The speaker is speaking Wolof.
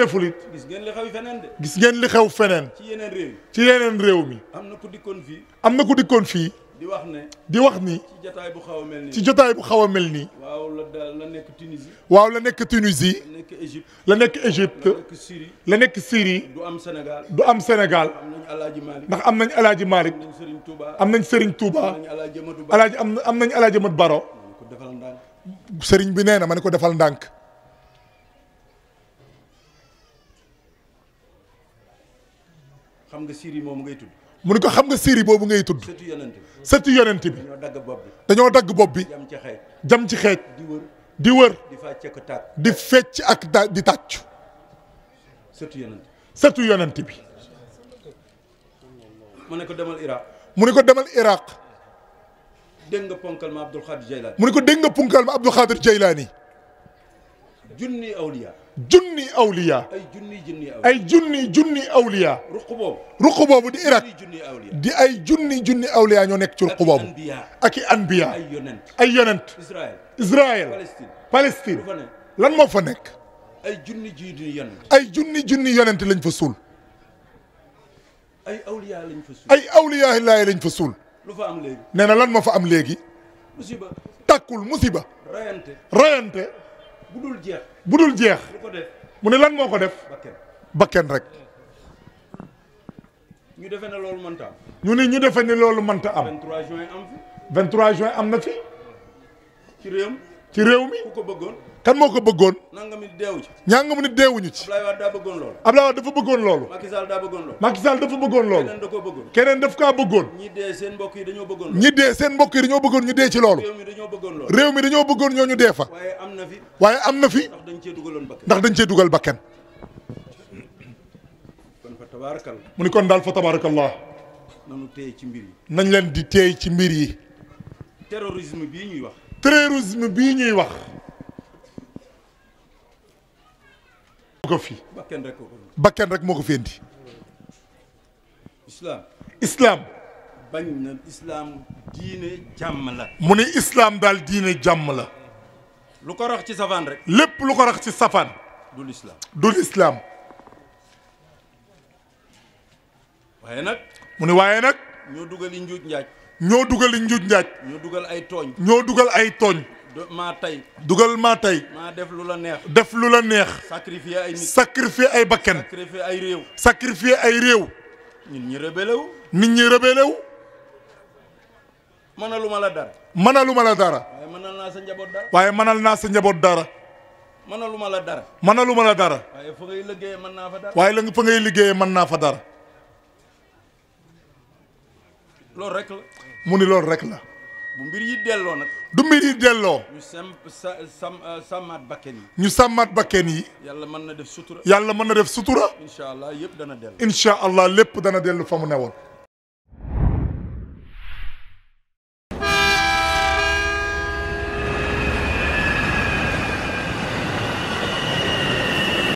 deful it. gis ngeen li xew gis ngeen li xew feneen. ci yeneen réew. réew mi. am na ku dikkoon fii. am na ku dikkoon fii. di wax ne. di wax ni. ci bu xaw a mel nii. ci jotaay bu xaw a mel nii. waaw la la nekk Tunisie. waaw la nekk Tunisie. la nekk nekk Égypte. la nekk Syrie. la nekk Syrie. du am Sénégal. du am Sénégal. ndax am nañ El Hadj am nañ Serigne Touba. am nañ Serigne Touba. am nañ El Hadj Amadou Baro. El Hadj am am nañ El Hadj Amadou Baro. Serigne bi nee na ma ne ko defal ndànk. xam nga siri moom ngay tudd. mu ne ko xam nga siri boobu ngay tudd. sëtu yonent bi sëtu yonent bi. dañoo dagg bopp bi dañoo dagg bopp bi. jam ci xeej ci xeej. di wër di wër. di fàcc fecc ak da di tàccu. sëtu yonent bi sëtu bi. mu ne ko demal Irak. mu ne ko demal Irak. dégg nga ponkal ma Abdul mu ne ko dégg nga ponkal ma Abdul Xaadir Jaylaani. junni awliya ay junni junni awliya ruq boobu ruq boobu di Irak di ay junni junni awliya ñoo nekk ci ruq boobu ak i anbiya ay yonent Israël Palestine lan moo fa nekk ay junni junni yonent ay junni junni lañ fa suul ay awliya lañ fa suul ay lañ fa suul lu fa am léegi na lan moo fa am léegi musiba takkul musiba rayante bu dul jeex bu dul jeex mu ne lan moo ko def bakken rek ñu defe ne loolu mënta am ñu ne ñu defe ne loolu mënta am trois juin am fi 23 juin am na fi ci réew ci réew mi ku ko bëggoon. kan moo ko bëggoon. nangam nit deewuñu ci. ñangam nit deewuñu ci. Ablaye Wade daa bëggoon loolu. Ablaye Wade dafa bëggoon loolu. Macky Sall daa bëggoon loolu. Macky Sall dafa bëggoon loolu. keneen da koo bëggoon. keneen daf kaa bëggoon. ñi dee seen mbokk yi dañoo bëggoon. ñu dee ci loolu. réew mi dañoo bëggoon ñoo ñu dee fa. waaye am na fi. waaye am na fi. ndax dañ cee dugaloon bakkan. ndax dañ cee dugal bakkan. kon fa tabaarakallah. mu ni kon daal fa tabaarakallah. nañu téye ci mbir yi. nañ leen di téye ci mbir yi. terrorisme bii ñuy wax terrorisme bi ñuy wax ko fi bakken rek moo ko fi indi islaam islaam bañ na islaam diine jàmm la mu ne islaam daal diine jàmm la lu ko rax ci safaan lépp lu ko rax ci safaan du lislaam du lislaam waaye nag mu ne waaye nag ñoo dugal njuuj njaaj ñoo dugal njuuj njaaj. ñoo dugal ay tooñ. ñoo dugal ay tooñ. maa tey. dugal maa tey. maa def lu la neex. def lu la neex. sacrifier ay nit. sacrifier ay bakkan. sacrifier ay réew. sacrifier ay réew. nit ñi rebelle nit ñi rebelle wu. mënaluma la dara. mënaluma la dara. waaye mënal naa sa njaboot dara. waaye mënal naa sa njaboot dara. mënaluma la dara. mënaluma la dara. waaye fa ngay liggéeyee mën naa fa dara. waaye la fa ngay liggéeyee mën naa fa dara. loolu rek mu ni loolu rek la. bu mbir yi delloo nag. du mbir yi delloo. ñu sam sa sam euh, sàmmaat bakken yi. ñu sàmmaat bakken yi. yàlla mën na def sutura. yàlla mën na def sutura. incha allah yëpp dana dellu. incha allah lépp dana dellu fa mu newoon.